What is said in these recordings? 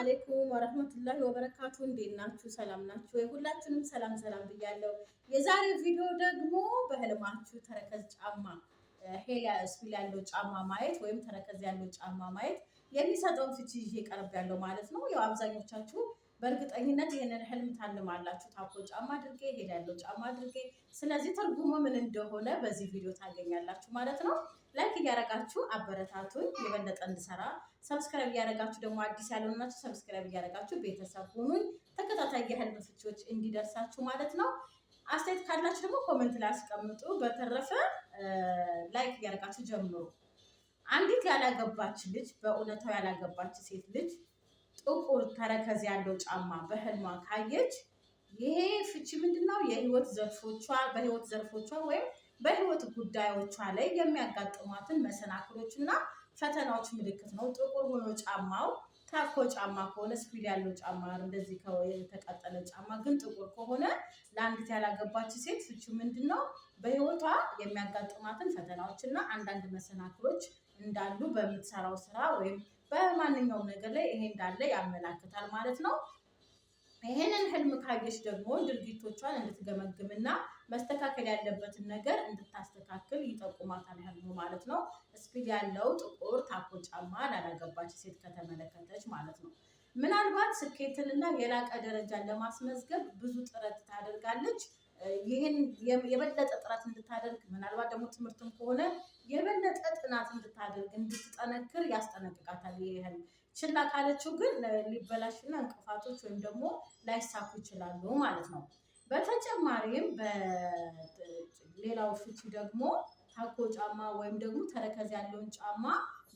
አሌይኩም ወረህመቱላሂ ወበረካቱ። እንዴት ናችሁ? ሰላም ናችሁ? ሁላችንም ሰላም ሰላም ብያለሁ። የዛሬ ቪዲዮ ደግሞ በህልማችሁ ተረከዝ ጫማ ሄል ስፒል ያለው ጫማ ማየት ወይም ተረከዝ ያለው ጫማ ማየት የሚሰጠውን ፍቺ ይዤ ቀርብ ያለው ማለት ነው። ያው አብዛኞቻችሁ በእርግጠኝነት ይህንን ህልም ታልማላችሁ። ታኮ ጫማ አድርጌ ያለው ጫማ አድርጌ። ስለዚህ ትርጉሙ ምን እንደሆነ በዚህ ቪዲዮ ታገኛላችሁ ማለት ነው። ላይክ እያደረጋችሁ አበረታቱኝ የበለጠ እንድሰራ። ሰብስክራይብ እያረጋችሁ ደግሞ አዲስ ያልሆናችሁ ሰብስክራይብ እያረጋችሁ ቤተሰብ ሁኑኝ። ተከታታይ የህልም ፍቺዎች እንዲደርሳችሁ ማለት ነው። አስተያየት ካላችሁ ደግሞ ኮመንት ላይ አስቀምጡ። በተረፈ ላይክ እያረጋችሁ ጀምሩ። አንዲት ያላገባች ልጅ በእውነታው ያላገባች ሴት ልጅ ጥቁር ተረከዝ ያለው ጫማ በህልሟ ካየች ይሄ ፍቺ ምንድን ነው? የህይወት ዘርፎቿ በህይወት ዘርፎቿ ወይም በህይወት ጉዳዮቿ ላይ የሚያጋጥሟትን መሰናክሎች እና ፈተናዎች ምልክት ነው። ጥቁር ሆኖ ጫማው ታኮ ጫማ ከሆነ ስፒል ያለው ጫማ እንደዚህ የተቃጠለ ጫማ ግን ጥቁር ከሆነ ለአንዲት ያላገባች ሴት ፍቺ ምንድን ነው? በህይወቷ የሚያጋጥማትን ፈተናዎች እና አንዳንድ መሰናክሎች እንዳሉ በምትሰራው ስራ ወይም በማንኛውም ነገር ላይ ይሄ እንዳለ ያመላክታል ማለት ነው። ይህንን ህልም ካየች ደግሞ ድርጊቶቿን እንድትገመግምና መስተካከል ያለበትን ነገር እንድታስተካክል ይጠቁማታል ህልሙ ማለት ነው። ስፒድ ያለው ጥቁር ታኮ ጫማ ያላገባች ሴት ከተመለከተች ማለት ነው። ምናልባት ስኬትንና የላቀ ደረጃን ለማስመዝገብ ብዙ ጥረት ታደርጋለች። ይህን የበለጠ ጥረት እንድታደርግ ምናልባት ደግሞ ትምህርትም ከሆነ የበለጠ ጥናት እንድታደርግ እንድትጠነክር ያስጠነቅቃታል። ይህን ችላ ካለችው ግን ሊበላሽና እንቅፋቶች ወይም ደግሞ ላይሳኩ ይችላሉ ማለት ነው። በተጨማሪም ሌላው ፍቺ ደግሞ ታኮ ጫማ ወይም ደግሞ ተረከዝ ያለውን ጫማ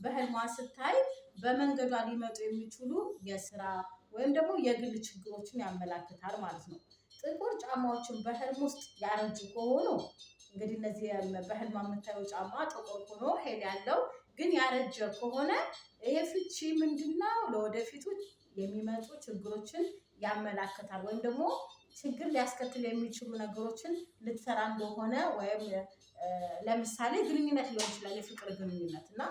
በህልሟ ስታይ በመንገዷ ሊመጡ የሚችሉ የስራ ወይም ደግሞ የግል ችግሮችን ያመላክታል ማለት ነው። ጥቁር ጫማዎችን በህልም ውስጥ ያረጁ ከሆኑ እንግዲህ እነዚህ በህልማ የምታየው ጫማ ጥቁር ሆኖ ሄድ ያለው ግን ያረጀ ከሆነ ይህ ፍቺ ምንድነው? ለወደፊቱ የሚመጡ ችግሮችን ያመላክታል ወይም ደግሞ ችግር ሊያስከትል የሚችሉ ነገሮችን ልትሰራ እንደሆነ ወይም ለምሳሌ ግንኙነት ሊሆን ይችላል፣ የፍቅር ግንኙነት እና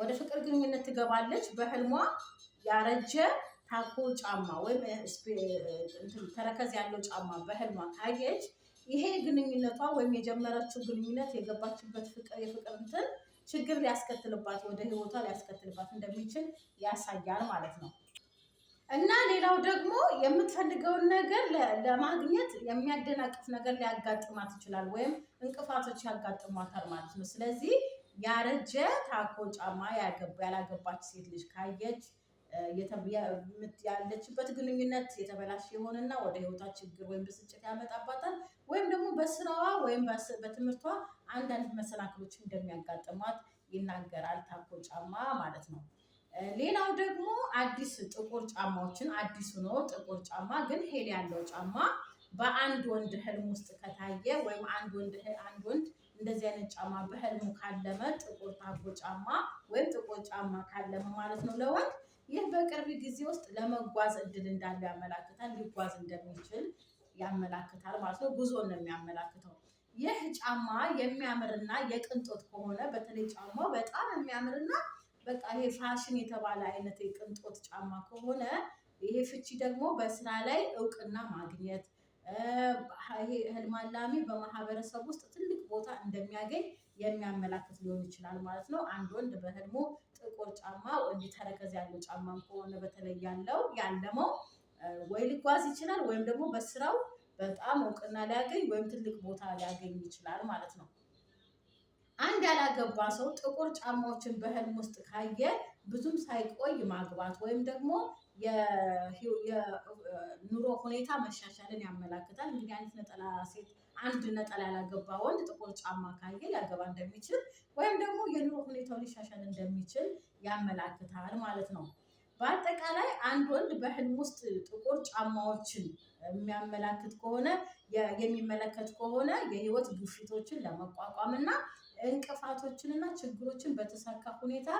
ወደ ፍቅር ግንኙነት ትገባለች። በህልሟ ያረጀ ታኮ ጫማ ወይም ተረከዝ ያለው ጫማ በህልሟ ካየች ይሄ ግንኙነቷ ወይም የጀመረችው ግንኙነት የገባችበት ፍቅር የፍቅር እንትን ችግር ሊያስከትልባት ወደ ህይወቷ ሊያስከትልባት እንደሚችል ያሳያል ማለት ነው። እና ሌላው ደግሞ የምትፈልገውን ነገር ለማግኘት የሚያደናቅፍ ነገር ሊያጋጥማት ይችላል፣ ወይም እንቅፋቶች ያጋጥሟታል ማለት ነው። ስለዚህ ያረጀ ታኮ ጫማ ያላገባች ሴት ልጅ ካየች ያለችበት ግንኙነት የተበላሽ የሆነና ወደ ህይወቷ ችግር ወይም ብስጭት ያመጣባታል፣ ወይም ደግሞ በስራዋ ወይም በትምህርቷ አንዳንድ መሰናክሎች እንደሚያጋጥሟት ይናገራል ታኮ ጫማ ማለት ነው። ሌላው ደግሞ አዲስ ጥቁር ጫማዎችን አዲሱ ነው ጥቁር ጫማ ግን ሄል ያለው ጫማ በአንድ ወንድ ህልም ውስጥ ከታየ ወይም አንድ ወንድ አንድ ወንድ እንደዚህ አይነት ጫማ በህልሙ ካለመ ጥቁር ታጎ ጫማ ወይም ጥቁር ጫማ ካለመ ማለት ነው ለወንድ ይህ በቅርብ ጊዜ ውስጥ ለመጓዝ እድል እንዳለው ያመላክታል። ሊጓዝ እንደሚችል ያመላክታል ማለት ነው። ጉዞ ነው የሚያመላክተው። ይህ ጫማ የሚያምርና የቅንጦት ከሆነ በተለይ ጫማው በጣም የሚያምርና በቃ ይሄ ፋሽን የተባለ አይነት የቅንጦት ጫማ ከሆነ ይሄ ፍቺ ደግሞ በስራ ላይ እውቅና ማግኘት ይሄ ህልማላሚ በማህበረሰብ ውስጥ ትልቅ ቦታ እንደሚያገኝ የሚያመላክት ሊሆን ይችላል ማለት ነው። አንድ ወንድ በህልሙ ጥቁር ጫማ ወንድ ተረከዝ ያለው ጫማ ከሆነ በተለይ ያለው ያለመው ወይ ሊጓዝ ይችላል ወይም ደግሞ በስራው በጣም እውቅና ሊያገኝ ወይም ትልቅ ቦታ ሊያገኝ ይችላል ማለት ነው። አንድ ያላገባ ሰው ጥቁር ጫማዎችን በህልም ውስጥ ካየ ብዙም ሳይቆይ ማግባት ወይም ደግሞ የኑሮ ሁኔታ መሻሻልን ያመላክታል። እንግዲህ አይነት ነጠላ ሴት አንድ ነጠላ ያላገባ ወንድ ጥቁር ጫማ ካየ ሊያገባ እንደሚችል ወይም ደግሞ የኑሮ ሁኔታው ሊሻሻል እንደሚችል ያመላክታል ማለት ነው። በአጠቃላይ አንድ ወንድ በህልም ውስጥ ጥቁር ጫማዎችን የሚያመላክት ከሆነ የሚመለከት ከሆነ የህይወት ግፊቶችን ለመቋቋም እና እንቅፋቶችንና ችግሮችን በተሳካ ሁኔታ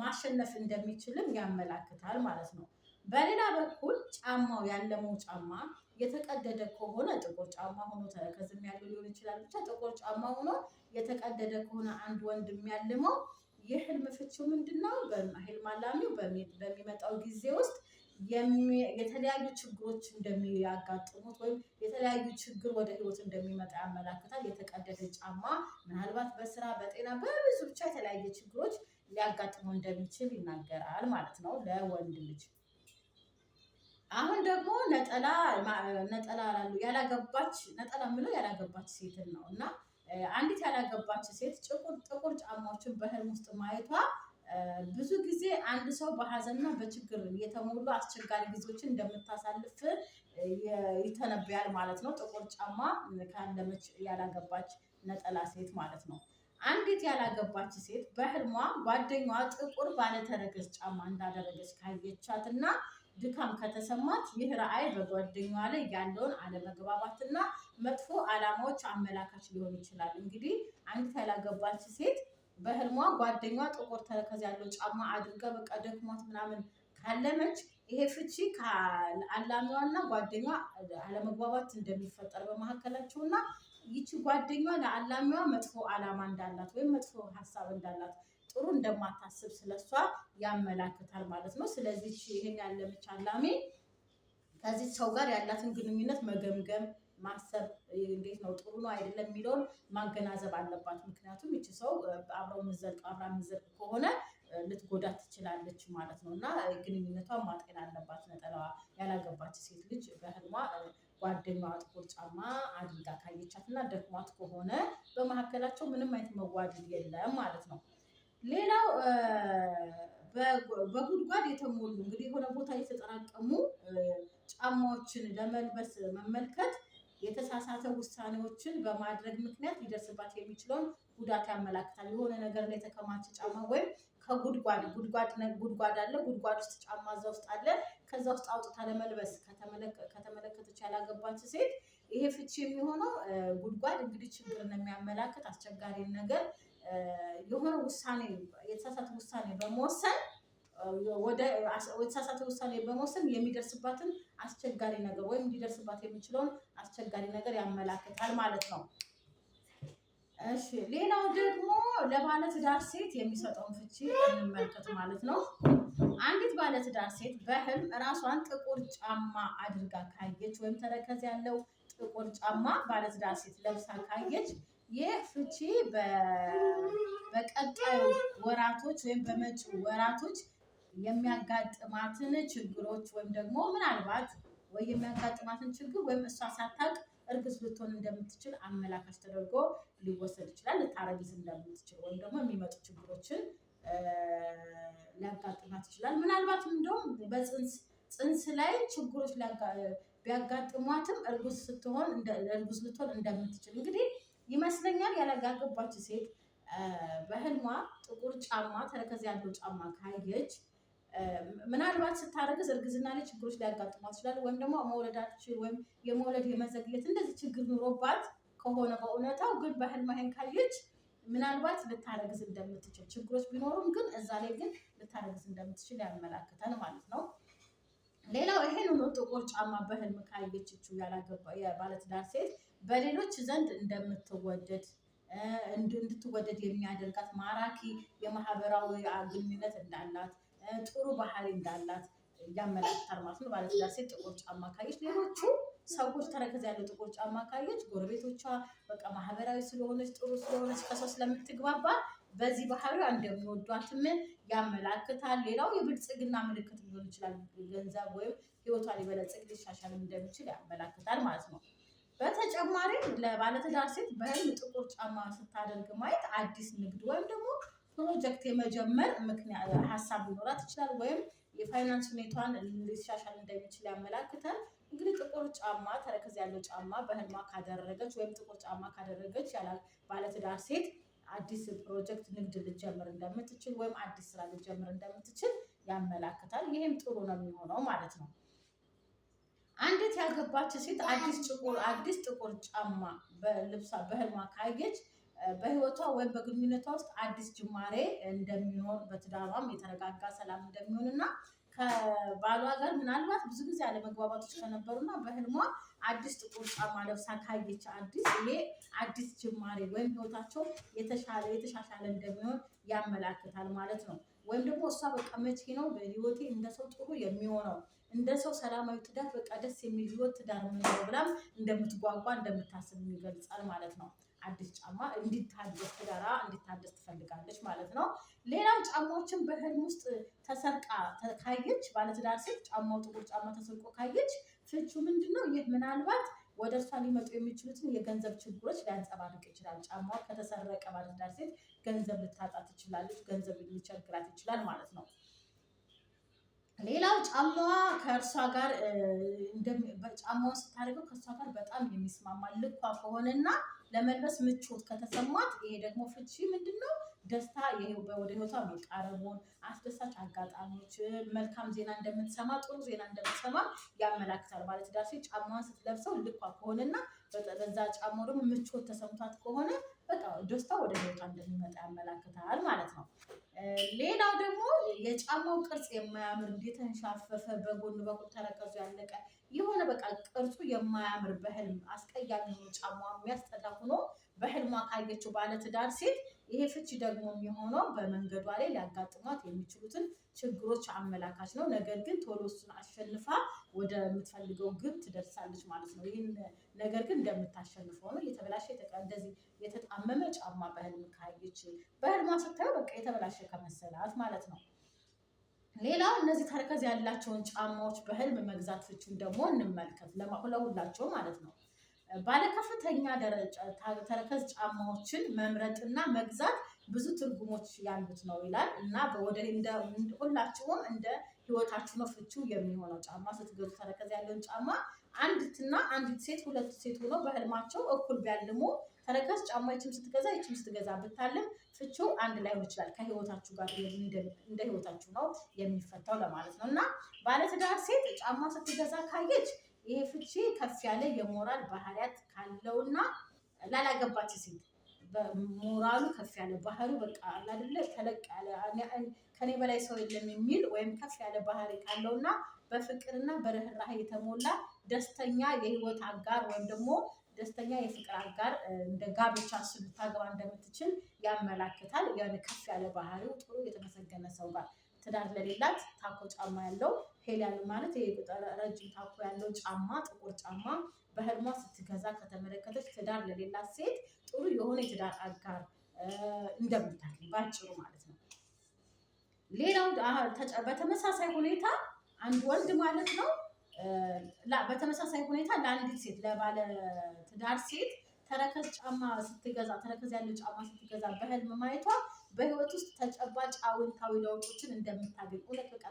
ማሸነፍ እንደሚችልም ያመላክታል ማለት ነው። በሌላ በኩል ጫማው ያለመው ጫማ የተቀደደ ከሆነ ጥቁር ጫማ ሆኖ ተረከዝም ያለው ሊሆን ይችላል። ብቻ ጥቁር ጫማ ሆኖ የተቀደደ ከሆነ አንድ ወንድ የሚያልመው የህልም ፍቺው ምንድን ነው? ህልም አላሚው በሚመጣው ጊዜ ውስጥ የተለያዩ ችግሮች እንደሚያጋጥሙት ወይም የተለያዩ ችግር ወደ ህይወት እንደሚመጣ ያመላክታል። የተቀደደ ጫማ ምናልባት በስራ በጤና በብዙ ብቻ የተለያየ ችግሮች ሊያጋጥመው እንደሚችል ይናገራል ማለት ነው ለወንድ ልጅ። አሁን ደግሞ ነጠላ ነጠላ ላሉ ያላገባች ነጠላ ምለው ያላገባች ሴትን ነው እና አንዲት ያላገባች ሴት ጥቁር ጥቁር ጫማዎችን በህልም ውስጥ ማየቷ ብዙ ጊዜ አንድ ሰው በሀዘንና በችግር የተሞሉ አስቸጋሪ ጊዜዎችን እንደምታሳልፍ ይተነብያል ማለት ነው። ጥቁር ጫማ ካለመች ያላገባች ነጠላ ሴት ማለት ነው። አንዲት ያላገባች ሴት በህልሟ ጓደኛዋ ጥቁር ባለተረከዝ ጫማ እንዳደረገች ካየቻትና ድካም ከተሰማት ይህ ረአይ በጓደኛዋ ላይ ያለውን አለመግባባትና መጥፎ አላማዎች አመላካች ሊሆን ይችላል። እንግዲህ አንዲት ያላገባች ሴት በህልሟ ጓደኛ ጥቁር ተረከዝ ያለው ጫማ አድርጋ በቃ ደክሟት ምናምን ካለመች ይሄ ፍቺ አላሚዋና ጓደኛ አለመግባባት እንደሚፈጠር በመካከላቸው እና ይቺ ጓደኛ ለአላሚዋ መጥፎ አላማ እንዳላት ወይም መጥፎ ሀሳብ እንዳላት ጥሩ እንደማታስብ ስለሷ ያመላክታል ማለት ነው። ስለዚህ ይሄን ያለመች አላሚ ከዚህ ሰው ጋር ያላትን ግንኙነት መገምገም ማሰብ እንዴት ነው ጥሩ ነው አይደለም የሚለውን ማገናዘብ አለባት። ምክንያቱም ይቺ ሰው አብረው ምዘልቅ አብራ ምዘልቅ ከሆነ ልትጎዳ ትችላለች ማለት ነው እና ግንኙነቷን ማጤን አለባት። ነጠላዋ ያላገባች ሴት ልጅ በህልሟ ጓደኛዋ ጥቁር ጫማ አድርጋ ካየቻት እና ደክሟት ከሆነ በመካከላቸው ምንም አይነት መዋደድ የለም ማለት ነው። ሌላው በጉድጓድ የተሞሉ እንግዲህ የሆነ ቦታ የተጠራቀሙ ጫማዎችን ለመልበስ መመልከት የተሳሳተ ውሳኔዎችን በማድረግ ምክንያት ሊደርስባት የሚችለውን ጉዳት ያመላክታል። የሆነ ነገር ላይ የተከማቸ ጫማ ወይም ከጉድጓድ ጉድጓድ ጉድጓድ አለ ጉድጓድ ውስጥ ጫማ እዛ ውስጥ አለ ከዛ ውስጥ አውጥታ ለመልበስ ከተመለከተች ያላገባች ሴት ይሄ ፍቺ የሚሆነው ጉድጓድ እንግዲህ ችግርን የሚያመላክት አስቸጋሪን ነገር የሆነ ውሳኔ የተሳሳተ ውሳኔ በመወሰን ወደ የተሳሳተ ውሳኔ በመወሰን የሚደርስባትን አስቸጋሪ ነገር ወይም ሊደርስባት የሚችለውን አስቸጋሪ ነገር ያመላክታል ማለት ነው። እሺ ሌላው ደግሞ ለባለትዳር ሴት የሚሰጠውን ፍቺ እንመልከት ማለት ነው። አንዲት ባለትዳር ሴት በህልም ራሷን ጥቁር ጫማ አድርጋ ካየች ወይም ተረከዝ ያለው ጥቁር ጫማ ባለትዳር ሴት ለብሳ ካየች ይህ ፍቺ በቀጣዩ ወራቶች ወይም በመጪው ወራቶች የሚያጋጥማትን ችግሮች ወይም ደግሞ ምናልባት ወይ የሚያጋጥማትን ችግር ወይም እሷ ሳታውቅ እርግዝ ልትሆን እንደምትችል አመላካች ተደርጎ ሊወሰድ ይችላል። ልታረግዝ እንደምትችል ወይም ደግሞ የሚመጡ ችግሮችን ሊያጋጥማት ይችላል። ምናልባትም እንደውም በፅንስ ፅንስ ላይ ችግሮች ቢያጋጥሟትም እርጉዝ ስትሆን እርጉዝ ልትሆን እንደምትችል እንግዲህ ይመስለኛል። ያላገባች ሴት በህልሟ ጥቁር ጫማ ተረከዝ ያለው ጫማ ካየች ምናልባት ስታረግዝ እርግዝና ላይ ችግሮች ሊያጋጥሟት ይችላል። ወይም ደግሞ መውለዳችን ወይም የመውለድ የመዘግየት እንደዚህ ችግር ኑሮባት ከሆነ በእውነታው ግን በህልም አይን ካየች ምናልባት ልታረግዝ እንደምትችል ችግሮች ቢኖሩም ግን እዛ ላይ ግን ልታረግዝ እንደምትችል ያመላክተን ማለት ነው። ሌላው ይሄን ጥቁር ጫማ በህልም ካየችው ያላገባ የባለትዳር ሴት በሌሎች ዘንድ እንደምትወደድ እንድትወደድ የሚያደርጋት ማራኪ የማህበራዊ ግንኙነት እንዳላት ጥሩ ባህሪ እንዳላት ያመላክታል ማለት ነው። ባለትዳር ሴት ጥቁር ጫማ ካየች ሌሎቹ ሰዎች ተረከዝ ያለው ጥቁር ጫማ ካየች ጎረቤቶቿ በቃ ማህበራዊ ስለሆነች ጥሩ ስለሆነች ከሰው ስለምትግባባ በዚህ ባህሪዋ እንደሚወዷትም ያመላክታል። ሌላው የብልጽግና ምልክት ሊሆን ይችላል። ገንዘብ ወይም ህይወቷ ሊበለጽግ ሊሻሻል እንደሚችል ያመላክታል ማለት ነው። በተጨማሪም ለባለትዳር ሴት በህልም ጥቁር ጫማ ስታደርግ ማየት አዲስ ንግድ ወይም ደግሞ ፕሮጀክት የመጀመር ምክንያት ሀሳብ ሊኖራት ይችላል ወይም የፋይናንስ ሁኔታዋን ሊሻሻል እንደሚችል ያመላክታል። እንግዲህ ጥቁር ጫማ ተረከዝ ያለው ጫማ በህልማ ካደረገች ወይም ጥቁር ጫማ ካደረገች ያላል ባለትዳር ሴት አዲስ ፕሮጀክት ንግድ ልጀምር እንደምትችል ወይም አዲስ ስራ ልጀምር እንደምትችል ያመላክታል። ይህም ጥሩ ነው የሚሆነው ማለት ነው። አንዲት ያገባች ሴት አዲስ ጥቁር አዲስ ጥቁር ጫማ በልብሷ በህልማ ካየች በህይወቷ ወይም በግንኙነቷ ውስጥ አዲስ ጅማሬ እንደሚኖር በትዳሯም የተረጋጋ ሰላም እንደሚሆን እና ከባሏ ጋር ምናልባት ብዙ ጊዜ አለመግባባቶች ከነበሩና በህልሟ አዲስ ጥቁር ጫማ ለብሳ ካየች አዲስ ይሄ አዲስ ጅማሬ ወይም ህይወታቸው የተሻለ የተሻሻለ እንደሚሆን ያመላክታል ማለት ነው። ወይም ደግሞ እሷ በቃ መቼ ነው በህይወቴ እንደ ሰው ጥሩ የሚሆነው እንደ ሰው ሰላማዊ ትዳር በቃ ደስ የሚል ህይወት ትዳር ምንለው ብላም እንደምትጓጓ እንደምታስብ ይገልጻል ማለት ነው። አዲስ ጫማ እንዲታደስ ትዳራ እንዲታደስ ትፈልጋለች ማለት ነው። ሌላው ጫማዎችን በህልም ውስጥ ተሰርቃ ካየች ባለትዳር ሴት ጫማው ጥቁር ጫማ ተሰርቆ ካየች ፍቹ ምንድን ነው? ይህ ምናልባት ወደ እርሷ ሊመጡ የሚችሉትን የገንዘብ ችግሮች ሊያንጸባርቅ ይችላል። ጫማዋ ከተሰረቀ ባለትዳር ሴት ገንዘብ ልታጣ ትችላለች፣ ገንዘብ ሊቸግራት ይችላል ማለት ነው። ሌላው ጫማዋ ከእርሷ ጋር ጫማውን ስታደርገው ከእርሷ ጋር በጣም የሚስማማ ልኳ ከሆነና ለመልበስ ምቾት ከተሰማት ይሄ ደግሞ ፍቺ ምንድን ነው? ደስታ ወደ ህይወቷ መቃረቡን፣ አስደሳች አጋጣሚዎች፣ መልካም ዜና እንደምትሰማ ጥሩ ዜና እንደምትሰማ ያመላክታል። ባለትዳር ሴት ጫማዋን ስትለብሰው ልኳ ከሆነና በዛ ጫማው ደግሞ ምቾት ተሰምቷት ከሆነ በቃ ደስታ ወደ ህይወቷ እንደሚመጣ ያመላክታል ማለት ነው። ሌላው ደግሞ የጫማው ቅርጽ የማያምር የተንሻፈፈ፣ በጎን በኩል ተረከዙ ያለቀ የሆነ በቃ ቅርጹ የማያምር በህልም አስቀያሚ ሆኖ ጫማ የሚያስጠላ ሆኖ በህልሟ ካየችው ባለትዳር ሴት ይሄ ፍቺ ደግሞ የሚሆነው በመንገዷ ላይ ሊያጋጥሟት የሚችሉትን ችግሮች አመላካች ነው። ነገር ግን ቶሎ እሱን አሸንፋ ወደ የምትፈልገው ግብ ትደርሳለች ማለት ነው። ይህን ነገር ግን እንደምታሸንፈው ነው። የተበላሸ እንደዚህ የተጣመመ ጫማ በህልም ካየች በህልሟ ስታየው በቃ የተበላሸ ከመሰላት ማለት ነው። ሌላ እነዚህ ተረከዝ ያላቸውን ጫማዎች በህልም መግዛት መግዛቶችን ደግሞ እንመልከት፣ ለሁላቸው ማለት ነው። ባለከፍተኛ ደረጃ ተረከዝ ጫማዎችን መምረጥና መግዛት ብዙ ትርጉሞች ያሉት ነው ይላል እና ወደ ሁላችሁም እንደ ህይወታችሁ ነው ፍቺው የሚሆነው። ጫማ ስትገዙ ተረከዝ ያለውን ጫማ አንዲትና አንዲት ሴት ሁለት ሴት ሆኖ በህልማቸው እኩል ቢያልሙ ተረጋስ ጫማ ይችም ስትገዛ ይችም ስትገዛ ብታለም ፍቺው አንድ ላይሆን ይችላል። ከህይወታችሁ ጋር እንደ ህይወታችሁ ነው የሚፈታው ለማለት ነው። እና ባለትዳር ሴት ጫማ ስትገዛ ካየች ይሄ ፍቺ ከፍ ያለ የሞራል ባህሪያት ካለውና ላላገባች ሴት ሞራሉ ከፍ ያለ ባህሪው በቃ አይደለ ተለቅ ያለ ከኔ በላይ ሰው የለም የሚል ወይም ከፍ ያለ ባህሪ ካለውና በፍቅርና በርህራሄ የተሞላ ደስተኛ የህይወት አጋር ወይም ደግሞ ደስተኛ የፍቅር አጋር እንደ ጋብቻ እሱ እንደምትችል ያመላክታል። ያን ከፍ ያለ ባህሪው ጥሩ የተመሰገነ ሰው ጋር ትዳር ለሌላት ታኮ ጫማ ያለው ሄል ያለ ማለት ይሄ ረጅም ታኮ ያለው ጫማ ጥቁር ጫማ በህልሟ ስትገዛ ከተመለከተች ትዳር ለሌላት ሴት ጥሩ የሆነ የትዳር አጋር እንደምታገኝ ባጭሩ ማለት ነው። ሌላው በተመሳሳይ ሁኔታ አንድ ወንድ ማለት ነው በተመሳሳይ ሁኔታ ለአንድ ሴት ለባለ ትዳር ሴት ተረከዝ ጫማ ስትገዛ ተረከዝ ያለው ጫማ ስትገዛ በህልም ማየቷ በህይወት ውስጥ ተጨባጭ አዎንታዊ ለውጦችን እንደምታገኝ እውነት በቃ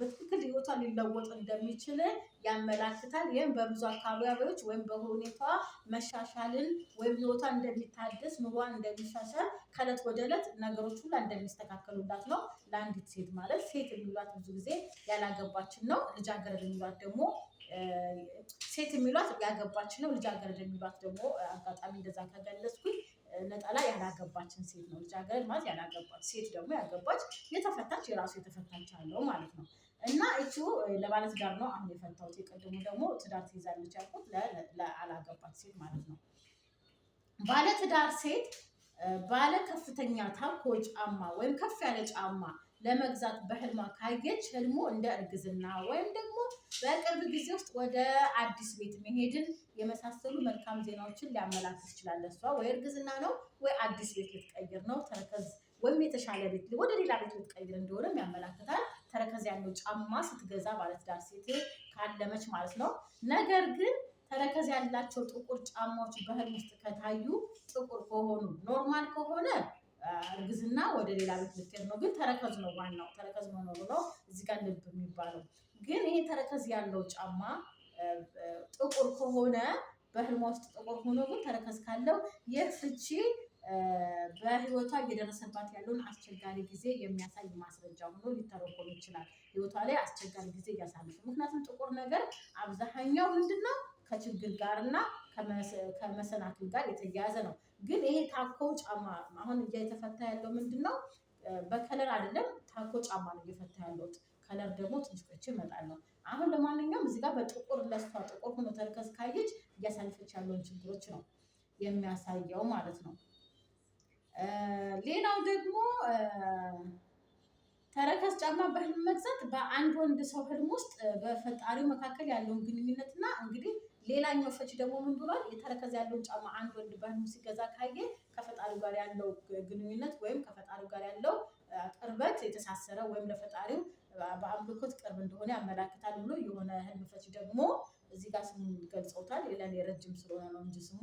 በትክክል ህይወቷ ሊለወጥ እንደሚችል ያመላክታል። ይህም በብዙ አካባቢዎች ወይም በሁኔታዋ መሻሻልን ወይም ህይወቷ እንደሚታደስ ኑሯ እንደሚሻሻል ከእለት ወደ እለት ነገሮች ሁላ እንደሚስተካከሉላት ነው። ለአንዲት ሴት ማለት ሴት የሚሏት ብዙ ጊዜ ያላገባችን ነው። ልጃገረድ የሚሏት ደግሞ ሴት የሚሏት ያገባች ነው። ልጃገረድ የሚሏት ደግሞ አጋጣሚ እንደዛ ከገለጽኩኝ ነጠላ ያላገባችን ሴት ነው። ልጃገረድ ማለት ያላገባች፣ ሴት ደግሞ ያገባች የተፈታች የራሱ የተፈታች አለው ማለት ነው። እና እቹ ለባለትዳር ነው አሁን የፈታሁት። የቀድሞ ደግሞ ትዳር ትይዛለች ያልኩት ለአላገባች ሴት ማለት ነው። ባለትዳር ሴት ባለ ከፍተኛ ታኮ ጫማ ወይም ከፍ ያለ ጫማ ለመግዛት በህልሟ ካየች ህልሙ እንደ እርግዝና ወይም ደግሞ በቅርብ ጊዜ ውስጥ ወደ አዲስ ቤት መሄድን የመሳሰሉ መልካም ዜናዎችን ሊያመላክት ይችላል። እሷ ወይ እርግዝና ነው ወይ አዲስ ቤት ልትቀይር ነው ተረከዝ ወይም የተሻለ ቤት ወደ ሌላ ቤት ልትቀይር እንደሆነም ያመላክታል። ተረከዝ ያለው ጫማ ስትገዛ ባለትዳር ሴት ካለመች ማለት ነው። ነገር ግን ተረከዝ ያላቸው ጥቁር ጫማዎች በህልም ውስጥ ከታዩ ጥቁር ከሆኑ ኖርማል ከሆነ እርግዝና ወደ ሌላ ቤት ልትሄድ ነው። ግን ተረከዝ ነው ዋናው፣ ተረከዝ መኖሩ ነው እዚህ ጋር ልብ የሚባለው። ግን ይሄ ተረከዝ ያለው ጫማ ጥቁር ከሆነ በህልሟ ውስጥ ጥቁር ሆኖ ግን ተረከዝ ካለው ይህ ፍቺ በህይወቷ እየደረሰባት ያለውን አስቸጋሪ ጊዜ የሚያሳይ ማስረጃ ሆኖ ሊተረጎም ይችላል። ህይወቷ ላይ አስቸጋሪ ጊዜ እያሳለፈ ምክንያቱም ጥቁር ነገር አብዛኛው ምንድነው ከችግር ጋርና ከመሰናክል ጋር የተያያዘ ነው። ግን ይሄ ታኮ ጫማ አሁን እየተፈታ ያለው ምንድን ነው? በከለር አይደለም ታኮ ጫማ ነው እየፈታ ያለው። ከለር ደግሞ ትንሽ ቆይቼ እመጣለሁ። አሁን ለማንኛውም እዚህ ጋር በጥቁር ለሷ ጥቁር ሆኖ ተርከዝ ካየች እያሳለፈች ያለውን ችግሮች ነው የሚያሳየው ማለት ነው። ሌላው ደግሞ ተረከዝ ጫማ በህልም መግዛት በአንድ ወንድ ሰው ህልም ውስጥ በፈጣሪው መካከል ያለውን ግንኙነትና እንግዲህ ሌላኛው ፈች ደግሞ ምን ብሏል? የተረከዝ ያለውን ጫማ አንድ ወንድ በህልሙ ሲገዛ ካየ ከፈጣሪው ጋር ያለው ግንኙነት ወይም ከፈጣሪው ጋር ያለው ቅርበት የተሳሰረ ወይም ለፈጣሪው በአምልኮት ቅርብ እንደሆነ ያመላክታል ብሎ የሆነ ህልም ፈች ደግሞ እዚህ ጋር ስሙ ገልጸውታል። ሌላ ረጅም ስለሆነ ነው እንጂ ስሙ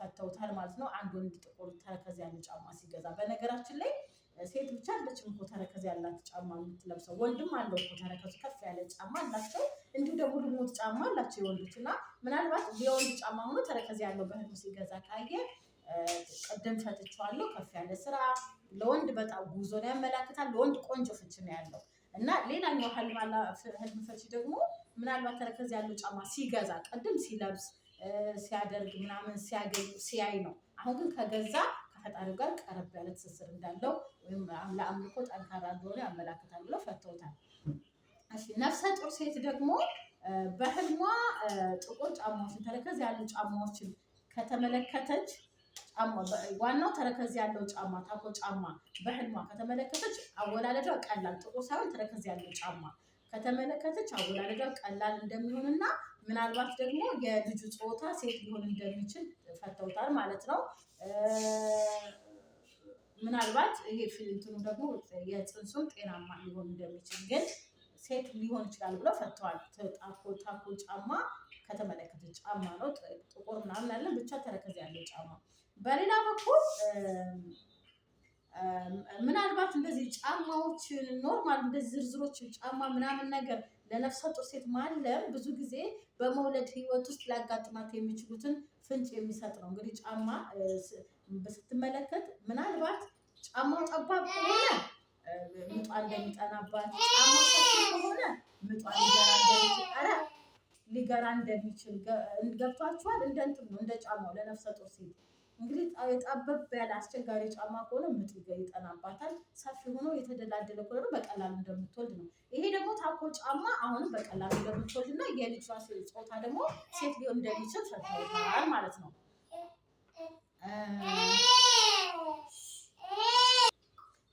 ፈተውታል ማለት ነው። አንድ ወንድ ጥቁር ተረከዝ ያለው ጫማ ሲገዛ በነገራችን ላይ ሴት ብቻ አለችም እኮ ተረከዝ ያላት ጫማ የምትለብሰው። ወንድም አለው እኮ ከፍ ያለ ጫማ አላቸው። እንዲሁ ደግሞ ልሙጥ ጫማ አላቸው የወንዶች እና ምናልባት የወንድ ጫማ ሆኖ ተረከዝ ያለው በህልም ሲገዛ ካየ ቅድም ፈትቼዋለሁ። ከፍ ያለ ስራ ለወንድ በጣም ነው ያመላክታል። ለወንድ ቆንጆ ፍች ነው ያለው እና ሌላኛው ህልም ፈቺ ደግሞ ምናልባት ተረከዝ ያለው ጫማ ሲገዛ ቅድም ሲለብስ ሲያደርግ ምናምን ሲያገኝ ሲያይ ነው። አሁን ግን ከገዛ ከፈጣሪው ጋር ቀረብ ያለ ትስስር እንዳለው ወይም ለአምልኮ ጠንካራ እንደሆነ ያመላክታል ብለው ፈተውታል። ነፍሰ ጡር ሴት ደግሞ በህልሟ ጥቁር ጫማዎችን ተረከዝ ያሉ ጫማዎችን ከተመለከተች ዋናው ተረከዝ ያለው ጫማ ታኮ ጫማ በህልሟ ከተመለከተች አወላለዷ ቀላል ጥቁር ሳይሆን ተረከዝ ያለው ጫማ ከተመለከተች አወላለዷ ቀላል እንደሚሆንና ምናልባት ደግሞ የልጁ ጾታ ሴት ሊሆን እንደሚችል ፈተውታል ማለት ነው። ምናልባት ይሄ እንትኑ ደግሞ የፅንሱ ጤናማ ሊሆን እንደሚችል ግን ሴት ሊሆን ይችላል ብለው ፈተዋል። ታኮ ታኮ ጫማ ከተመለከተ ጫማ ነው ጥቁር ምናምን ያለ ብቻ ተረከዝ ያለው ጫማ። በሌላ በኩል ምናልባት እንደዚህ ጫማዎች ኖርማል እንደዚህ ዝርዝሮች ጫማ ምናምን ነገር ለነፍሰ ጡር ሴት ማለም ብዙ ጊዜ በመውለድ ህይወት ውስጥ ሊያጋጥማት የሚችሉትን ፍንጭ የሚሰጥ ነው። እንግዲህ ጫማ ስትመለከት ምናልባት ጫማው ጠባብ ከሆነ ምጧ እንደሚጠናባት፣ ጫማው ሰፊ ከሆነ ምጧ ሊገራ እንደሚችል ኧረ ሊገራ እንደሚችል ገብቷችኋል። እንደ እንትን ነው እንደ ጫማው ለነፍሰ ጡር ሴት እንግዲህ ጠበብ ያለ አስቸጋሪ ጫማ ከሆነ ምጥ ይጠናባታል። ሰፊ ሆኖ የተደላደለ ከሆነ በቀላሉ እንደምትወልድ ነው። ይሄ ደግሞ ታኮ ጫማ አሁንም በቀላሉ እንደምትወልድ እና የልጇ ጾታ ደግሞ ሴት ሊሆን እንደሚችል ሰጥተውታል ማለት ነው።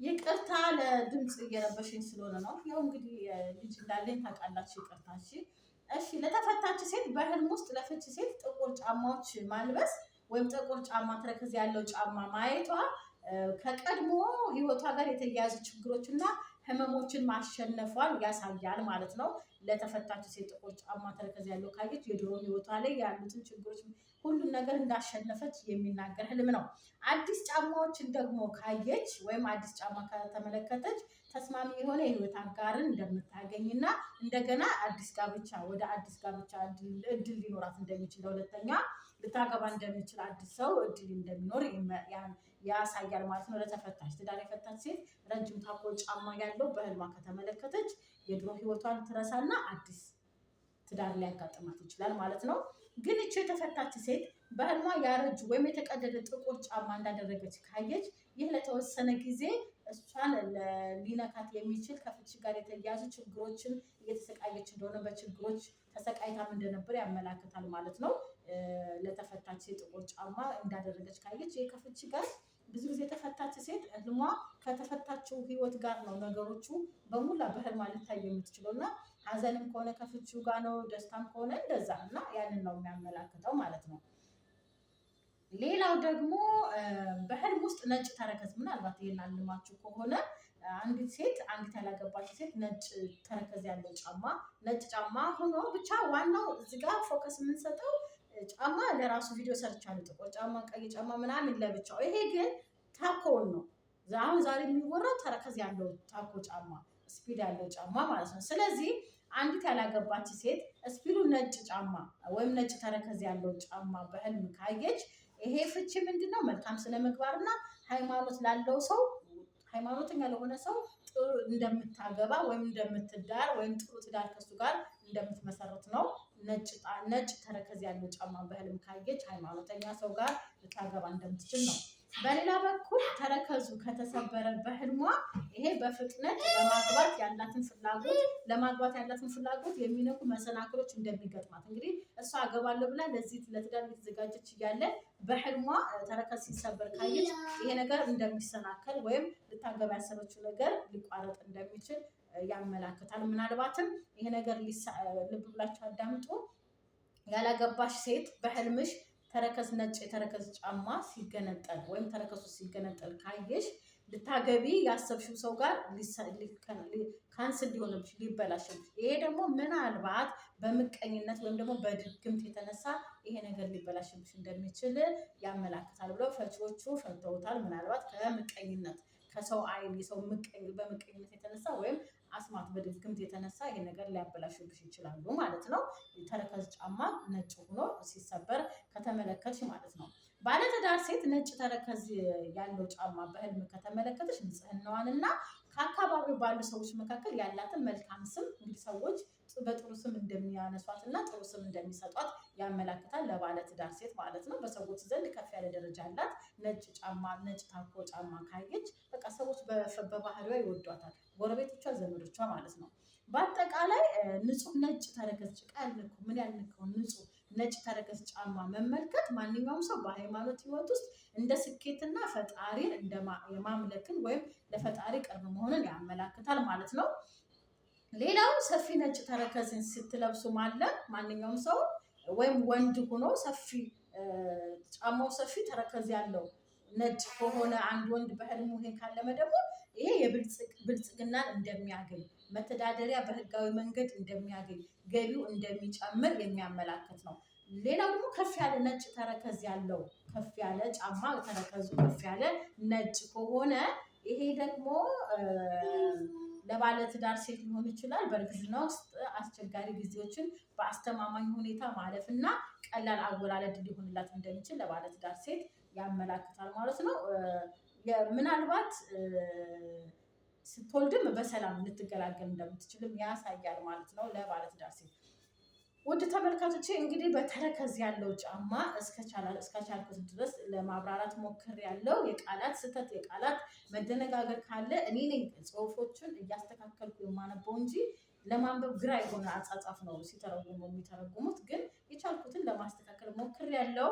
ይቅርታ ለድምፅ እየረበሽኝ ስለሆነ ነው። ያው እንግዲህ ልጅ እንዳለኝ ታውቃላችሁ። ይቅርታ። እሺ፣ እሺ። ለተፈታች ሴት በህልም ውስጥ ለፍች ሴት ጥቁር ጫማዎች ማልበስ ወይም ጥቁር ጫማ ተረከዝ ያለው ጫማ ማየቷ ከቀድሞ ህይወቷ ጋር የተያያዙ ችግሮች እና ህመሞችን ማሸነፏን ያሳያል ማለት ነው። ለተፈታች ሴት ጥቁር ጫማ ተረከዝ ያለው ካየች የድሮ ህይወቷ ላይ ያሉትን ችግሮች ሁሉን ነገር እንዳሸነፈች የሚናገር ህልም ነው። አዲስ ጫማዎችን ደግሞ ካየች ወይም አዲስ ጫማ ከተመለከተች ተስማሚ የሆነ የህይወት አጋርን እንደምታገኝና እንደገና አዲስ ጋብቻ ወደ አዲስ ጋብቻ እድል ሊኖራት እንደሚችል፣ ለሁለተኛ ልታገባ እንደሚችል አዲስ ሰው እድል እንደሚኖር ያሳያል ማለት ነው። ለተፈታች ትዳር የፈታች ሴት ረጅም ታኮር ጫማ ያለው በህልማ ከተመለከተች የድሮ ህይወቷን ትረሳና አዲስ ትዳር ሊያጋጥማት ይችላል ማለት ነው። ግን እቺ የተፈታች ሴት በህልማ ያረጁ ወይም የተቀደደ ጥቁር ጫማ እንዳደረገች ካየች ይህ ለተወሰነ ጊዜ እሷን ሊነካት የሚችል ከፍቺ ጋር የተያያዙ ችግሮችን እየተሰቃየች እንደሆነ በችግሮች ተሰቃይታም እንደነበር ያመላክታል ማለት ነው። ለተፈታች ጥቁር ጫማ እንዳደረገች ካየች ይህ ከፍቺ ጋር ብዙ ጊዜ የተፈታች ሴት እድሟ ከተፈታችው ህይወት ጋር ነው ነገሮቹ በሙላ በህልማ ልታይ የምትችለው እና ሀዘንም ከሆነ ከፍቺው ጋር ነው፣ ደስታም ከሆነ እንደዛ እና ያንን ነው የሚያመላክተው ማለት ነው። ሌላው ደግሞ በህልም ውስጥ ነጭ ተረከዝ፣ ምናልባት ይህን አልማችሁ ከሆነ አንዲት ሴት አንዲት ያላገባች ሴት ነጭ ተረከዝ ያለው ጫማ ነጭ ጫማ ሆኖ ብቻ ዋናው እዚጋ ፎከስ የምንሰጠው ጫማ ለራሱ ቪዲዮ ሰርቻለሁ። ጥቁር ጫማ፣ ቀይ ጫማ ምናምን ለብቻው። ይሄ ግን ታኮን ነው። አሁን ዛሬ የሚወራው ተረከዝ ያለው ታኮ ጫማ፣ ስፒድ ያለው ጫማ ማለት ነው። ስለዚህ አንዲት ያላገባች ሴት ስፒዱ ነጭ ጫማ ወይም ነጭ ተረከዝ ያለው ጫማ በህልም ካየች ይሄ ፍቺ ምንድን ነው? መልካም ስነ ምግባርና ሃይማኖት ላለው ሰው ሃይማኖተኛ ለሆነ ሰው ጥሩ እንደምታገባ ወይም እንደምትዳር ወይም ጥሩ ትዳር ከሱ ጋር እንደምትመሰረት ነው። ነጭ ተረከዝ ያለው ጫማ በህልም ካየች ሃይማኖተኛ ሰው ጋር ልታገባ እንደምትችል ነው። በሌላ በኩል ተረከዙ ከተሰበረ በህልሟ ይሄ በፍጥነት ለማግባት ያላትን ፍላጎት ለማግባት ያላትን ፍላጎት የሚነኩ መሰናክሎች እንደሚገጥማት እንግዲህ እሷ አገባለሁ ብላ ለዚህ ለትዳር እየተዘጋጀች እያለ በህልሟ ተረከዝ ሲሰበር ካየች ይሄ ነገር እንደሚሰናከል ወይም ልታገባ ያሰበችው ነገር ሊቋረጥ እንደሚችል ያመላክታል። ምናልባትም ይሄ ነገር ልብ ብላችሁ አዳምጡ። ያላገባሽ ሴት በህልምሽ ተረከዝ ነጭ የተረከዝ ጫማ ሲገነጠል ወይም ተረከሱ ሲገነጠል ካየሽ ልታገቢ ያሰብሽው ሰው ጋር ካንስል ሊሆንብሽ ሊበላሽብሽ፣ ይሄ ደግሞ ምናልባት በምቀኝነት ወይም ደግሞ በድግምት የተነሳ ይሄ ነገር ሊበላሽብሽ እንደሚችል ያመላክታል ብለው ፈቺዎቹ ፈተውታል። ምናልባት ከምቀኝነት ከሰው አይን የሰው በምቀኝነት የተነሳ ወይም አስማት በድግምት የተነሳ ይሄ ነገር ሊያበላሹብሽ ይችላሉ ማለት ነው። ተረከዝ ጫማ ነጭ ሆኖ ሲሰበር ከተመለከትሽ ማለት ነው። ባለትዳር ሴት ነጭ ተረከዝ ያለው ጫማ በህልም ከተመለከተሽ ንጽህናዋንና ከአካባቢው ባሉ ሰዎች መካከል ያላትን መልካም ስም እንግዲህ ሰዎች በጥሩ ስም እንደሚያነሷት እና ጥሩ ስም እንደሚሰጧት ያመላክታል። ትዳር ሴት ማለት ነው። በሰዎች ዘንድ ከፍ ያለ ደረጃ አላት። ነጭ ጫማ፣ ነጭ ታኮ ጫማ ካየች በቃ ሰዎች በባህሪዋ ይወዷታል። ጎረቤቶቿ፣ ዘመዶቿ ማለት ነው። በአጠቃላይ ንጹህ ነጭ ተረከዝ ጭቃ ያልነካው ምን ያልነካው ንጹህ ነጭ ተረከዝ ጫማ መመልከት ማንኛውም ሰው በሃይማኖት ህይወት ውስጥ እንደ ስኬትና ፈጣሪን የማምለክን ወይም ለፈጣሪ ቅርብ መሆንን ያመላክታል ማለት ነው። ሌላው ሰፊ ነጭ ተረከዝን ስትለብሱ ማለ ማንኛውም ሰው ወይም ወንድ ሆኖ ሰፊ ጫማው ሰፊ ተረከዝ ያለው ነጭ ከሆነ አንድ ወንድ በህልሙ ይሄን ካለመ ደግሞ ይሄ የብልጽግናን እንደሚያገኝ መተዳደሪያ በህጋዊ መንገድ እንደሚያገኝ ገቢው እንደሚጨምር የሚያመላክት ነው። ሌላው ደግሞ ከፍ ያለ ነጭ ተረከዝ ያለው ከፍ ያለ ጫማ ተረከዙ ከፍ ያለ ነጭ ከሆነ ይሄ ደግሞ ለባለ ትዳር ሴት ሊሆን ይችላል። በእርግዝና ውስጥ አስቸጋሪ ጊዜዎችን በአስተማማኝ ሁኔታ ማለፍ እና ቀላል አወላለድ ሊሆንላት እንደሚችል ለባለ ትዳር ሴት ያመላክታል ማለት ነው። ምናልባት ስትወልድም በሰላም ልትገላገል እንደምትችልም ያሳያል ማለት ነው ለባለ ትዳር ሴት ውድ ተመልካቾቼ እንግዲህ በተረከዝ ያለው ጫማ እስከቻልኩት ድረስ ለማብራራት ሞክር ያለው የቃላት ስህተት የቃላት መደነጋገር ካለ እኔ ነኝ ጽሁፎችን እያስተካከልኩ የማነበው እንጂ ለማንበብ ግራ የሆነ አጻጻፍ ነው ሲተረጉሙ የሚተረጉሙት። ግን የቻልኩትን ለማስተካከል ሞክር ያለው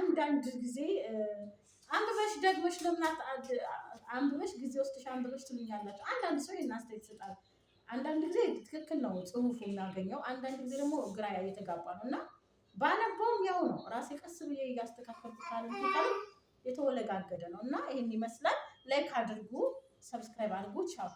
አንዳንድ ጊዜ አንብበሽ ደግመሽ ለምናት አንብበሽ ጊዜ ወስደሽ አንብበሽ ትሉኛላችሁ። አንዳንድ ሰው ይናስተ ይሰጣል አንዳንድ ጊዜ ትክክል ነው ጽሁፉ የምናገኘው፣ አንዳንድ ጊዜ ደግሞ ግራ የተጋባ ነው እና ባነበውም ያው ነው ራሴ ቀስ ብዬ እያስተካከልኩ የተወለጋገደ ነው እና ይህን ይመስላል። ላይክ አድርጉ፣ ሰብስክራይብ አድርጉ። ቻው